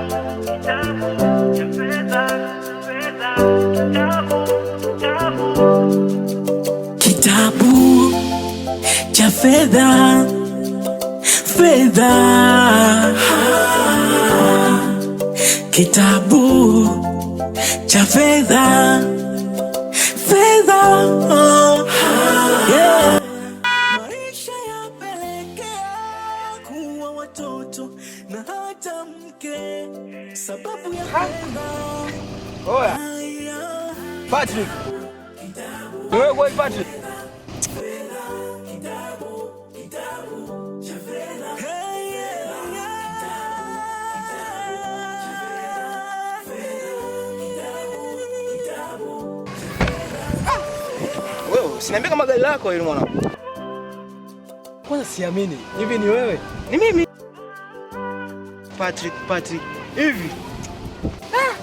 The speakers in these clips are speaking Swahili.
Kitabu cha fedha, fedha, kitabu cha fedha, fedha. sababu ya Oya. Patrick. Wewe boy Patrick. Sinaambia kama gari lako hili Kwanza siamini. Hivi ni wewe? Ni mimi. Patrick, Patrick hivi ah,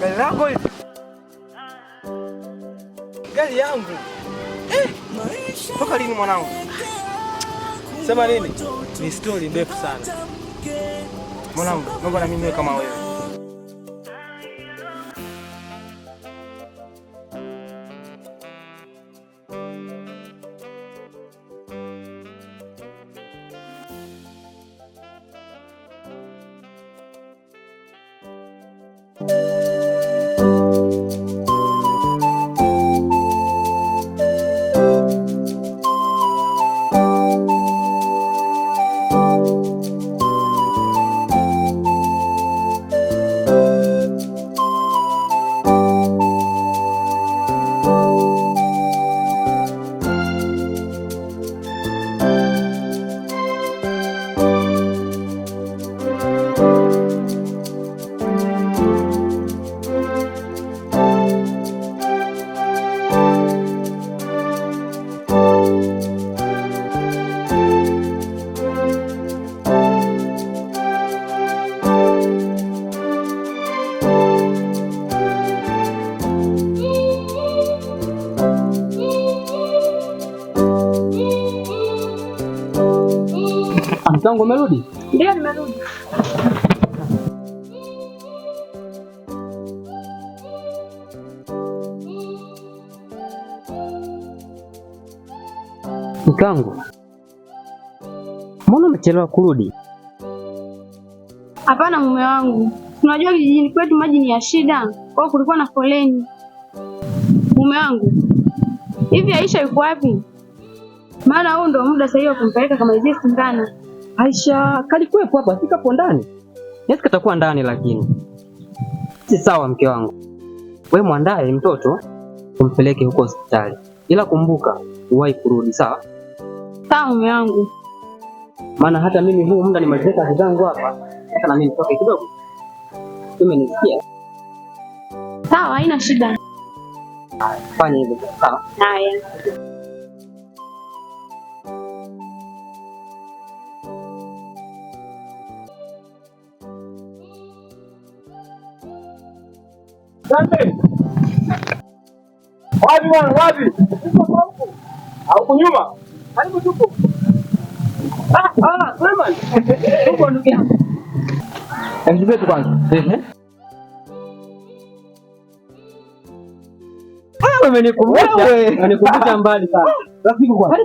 gari lako hivi gari yangu eh, toka lini mwanangu? Sema nini? Ni stori ndefu sana mwanangu, naomba na mimi kama wewe zangu umerudi? Ndio, nimerudi. Mkangu, mbona umechelewa kurudi? Hapana mume wangu, tunajua kijijini kwetu maji ni ya shida, kwa hiyo kulikuwa na foleni. Mume wangu, hivi Aisha yuko wapi? Maana huu ndo muda sahihi wa kumpeleka kama hizi sindano. Aisha kalikuwepo hapa, afikapo ndani Yes, katakuwa ndani, lakini si sawa. Mke wangu, we mwandaye mtoto umpeleke huko hospitali, ila kumbuka uwahi kurudi. Sawa sawa, mume wangu, maana hata mimi huu muda nimezeka kazi zangu hapa, hata na mimi nitoke kidogo. Umenisikia? Sawa, haina shida. Fanya hivyo sawa. Haya. Wapi bwana, wapi? Huko nyuma. Karibu tupo. Ah, ah, Suleiman. Tupo ndugu yangu. Hebu kwanza. Ah, umenikumbusha. mbali sana. Ah.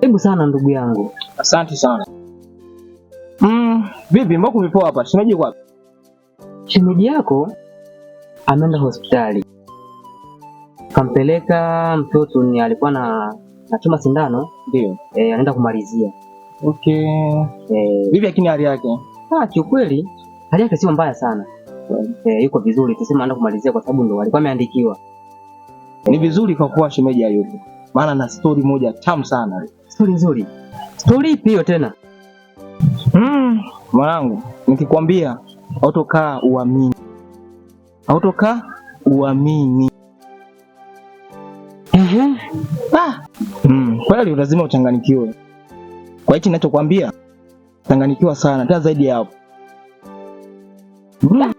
Karibu sana ndugu yangu. Asante sana. Mm, vipi mbona kuvipoa hapa? Shimeji kwapi? shemeji yako ameenda hospitali, kampeleka mtoto, ni alikuwa na nachoma sindano, ndio eh, anaenda kumalizia. Okay, eh, vipi lakini hali yake? Ah, kiukweli hali yake sio mbaya sana eh, yuko vizuri, tuseme anaenda kumalizia kwa sababu ndo alikuwa ameandikiwa. Ni vizuri kwa kuwa shemeji hayupo, maana na stori moja tamu sana. Stori nzuri. Stori ipi hiyo tena? Mm, mwanangu nikikwambia autokaa uamini, autokaa uamini. Mhm. Ah! mm Kweli lazima uchanganikiwe kwa hichi ninachokwambia, changanikiwa sana, tena zaidi ya hapo. mm. Ah!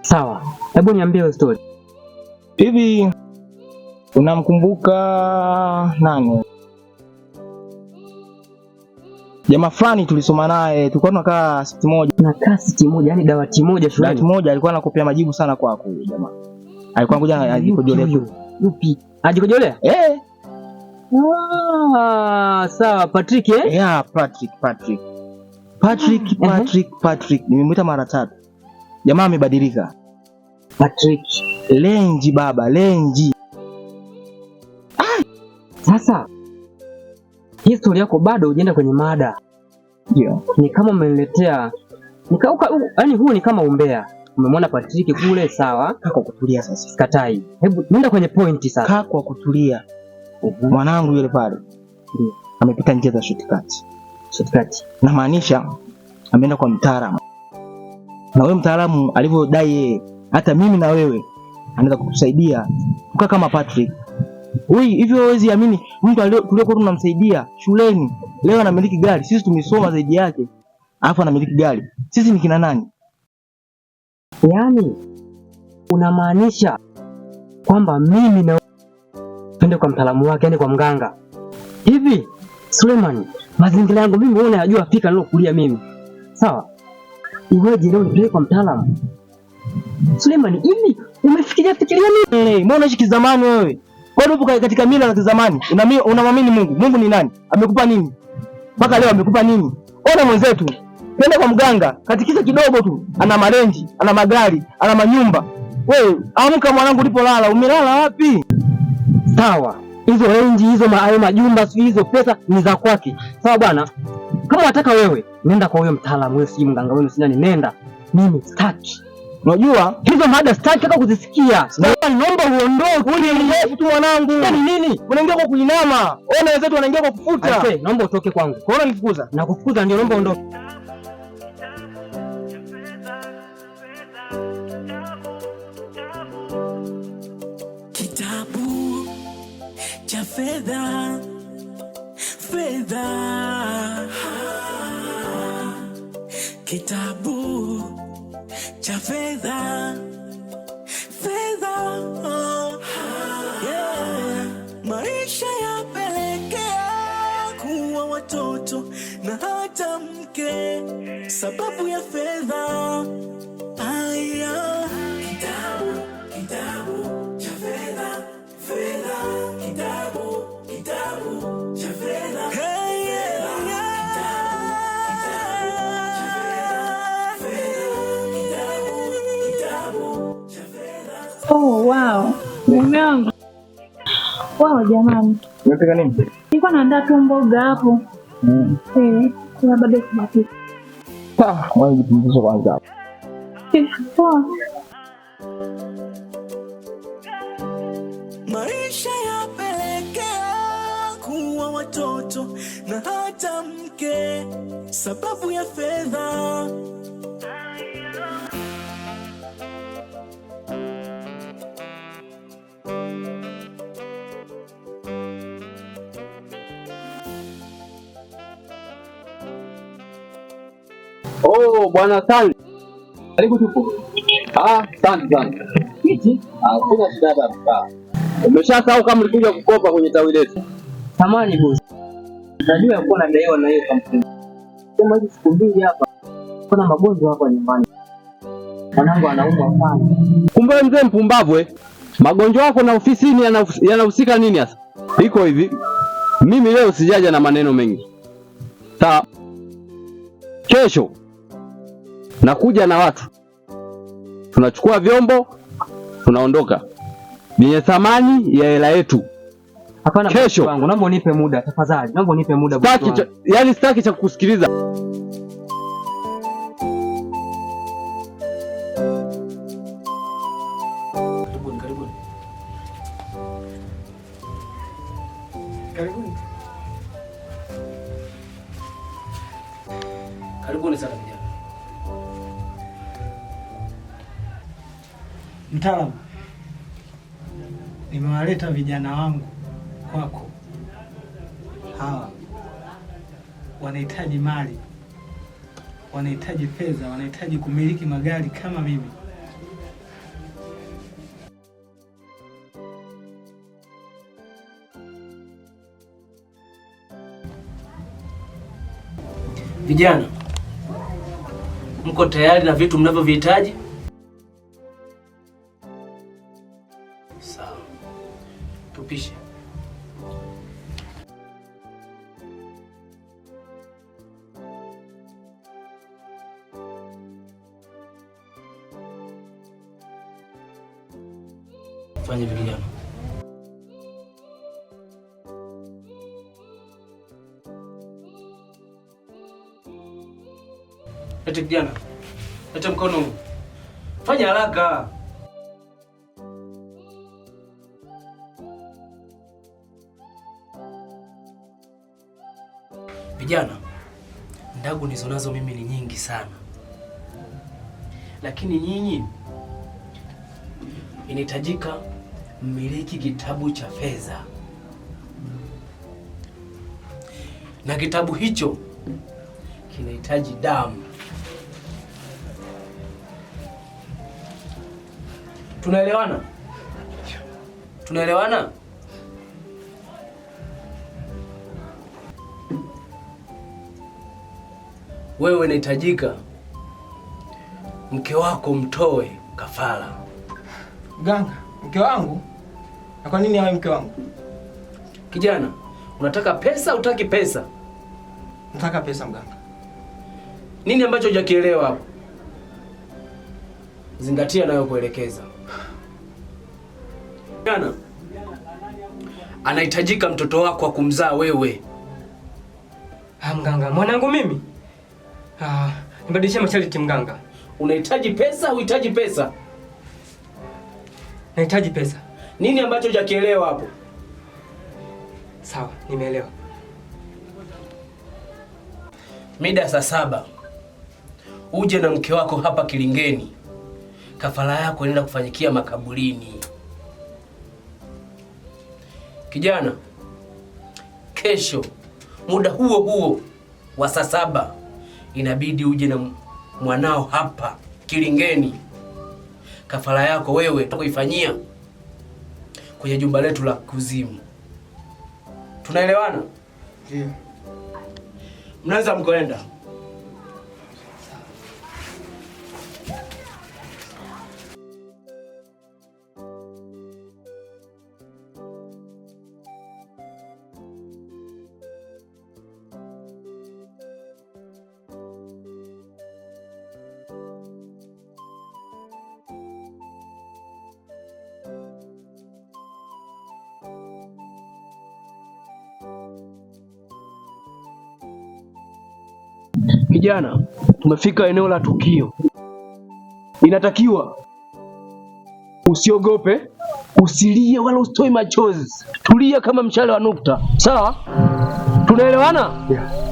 Sawa, hebu niambie story. Hivi unamkumbuka nani? jamaa fulani tulisoma naye, tulikuwa tunakaa siti moja, tunakaa siti moja, yani dawati moja shule dawati moja. Alikuwa anakopea majibu sana kwako jamaa, alikuwa ngoja ajikojolea. Yupi ajikojolea? Eh, ah, sawa, Patrick eh, yeah, Patrick, Patrick, Patrick, Patrick, Patrick. Nimemwita mara tatu, jamaa amebadilika. Patrick lenji, baba lenji hii stori yako bado hujaenda kwenye mada yeah. Ni kama umeniletea yani huu ni kama umbea. Umemwona Patrick kule, sawa, kaa kwa kutulia sasa, sikatai. Hebu nenda kwenye pointi sasa, kaa kwa kutulia mwanangu. Yule pale amepita njia za shortcut, shortcut na maanisha ameenda kwa mtaalamu, na wewe mtaalamu alivyodai yeye, hata mimi na wewe anaweza kukusaidia tukaa kama Patrick wewe hivyo huwezi amini, mtu tuliokuwa tunamsaidia shuleni leo anamiliki gari, sisi tumesoma zaidi yake, alafu anamiliki gari. Sisi ni kina nani? Yaani unamaanisha kwamba mimi na twende kwa mtaalamu wake, yani kwa mganga? Hivi Suleiman, mazingira yangu mimi wewe unayajua Afrika nilokulia mimi, sawa? uweje leo nipeleke kwa mtaalamu Suleiman? Hivi umefikiria fikiria nini? Mbona unaishi kizamani wewe? Bado upo katika mila za zamani. Unamwamini Mungu. Mungu ni nani? Amekupa nini? Mpaka leo amekupa nini? Ona mwenzetu. Nenda kwa mganga, katikisa kidogo tu. Ana marenji, ana magari, ana manyumba. Wewe, amka mwanangu ulipolala, umelala wapi? Sawa. Hizo renji, hizo ma majumba, sio hizo pesa ni za kwake. Sawa bwana. Kama unataka wewe, nenda kwa huyo mtaalamu, wewe si mganga, wewe si nani, nenda. Mimi sitaki. Unajua hizo mada sitaki hata kuzisikia. Naomba uondoke ule mrefu tu mwanangu. Ni nini? Unaingia kwa kuinama. Ona wenzetu wanaingia kwa kufuta. Asante, naomba utoke kwangu. Kwa nini nikukuza? Na kukukuza ndio naomba uondoke. Kitabu cha fedha. Fedha. Kitabu cha fedha fedha, oh, yeah. Maisha yapelekea kuwa watoto na hata mke sababu ya fedha. kwao jamani. Umepika nini? Nilikuwa naandaa tu mboga hapo. Mm. Eh, kuna bado jipumzishe kwanza. Eh, poa. Maisha yapelekea kuwa watoto na hata mke sababu ya fedha Oh, bwana Sandi. Karibu tupo. Ah, asante sana. Hakuna ah, shida baba. Umeshasahau kama ulikuja kukopa kwenye tawi letu. Samani boss. Najua uko na daiwa na hiyo kampuni. Kama hizi siku mbili hapa kuna magonjwa hapa nyumbani. Mwanangu anaumwa sana. Kumbe mzee mpumbavu eh. Magonjwa yako na ofisini yanahusika nini sasa? Iko hivi. Mimi leo sijaja na maneno mengi. Sawa. Kesho nakuja na watu, tunachukua vyombo tunaondoka vyenye thamani ya hela yetu. Hapana, kesho wangu, naomba unipe muda tafadhali, naomba unipe muda. Sitaki, yani sitaki cha yaani kukusikiliza. mtaalamu, nimewaleta vijana wangu kwako. Hawa wanahitaji mali, wanahitaji fedha, wanahitaji kumiliki magari kama mimi. Vijana, mko tayari na vitu mnavyovihitaji? Sawa, tupishe. Fanya vijana ete kijana ete mkono, fanya haraka. Vijana, ndagu nizonazo mimi ni nyingi sana, lakini nyinyi inahitajika mmiliki kitabu cha fedha, na kitabu hicho kinahitaji damu. Tunaelewana? Tunaelewana? wewe unahitajika mke wako mtoe kafara. Mganga, mke wangu? Na kwa nini awe mke wangu? Kijana, unataka pesa, utaki pesa? Nataka pesa mganga. Nini ambacho hujakielewa hapo? Zingatia nayokuelekeza. Kijana, anahitajika mtoto wako wa kumzaa wewe. Ha, mganga, mwanangu mimi Ah, nibadilishie masharti mganga. Unahitaji pesa, uhitaji pesa? Nahitaji pesa. Nini ambacho hujakielewa hapo? Sawa, nimeelewa. Mida saa saba uje na mke wako hapa Kilingeni, kafara yako inaenda kufanyikia makaburini. Kijana, kesho muda huo huo wa saa saba inabidi uje na mwanao hapa Kilingeni. Kafara yako wewe kuifanyia kwenye jumba letu la kuzimu. Tunaelewana? Yeah. Mnaweza mkoenda. Vijana, tumefika eneo la tukio. Inatakiwa usiogope, usilie wala usitoe machozi. Tulia kama mshale wa nukta. Sawa? Tunaelewana? Yeah.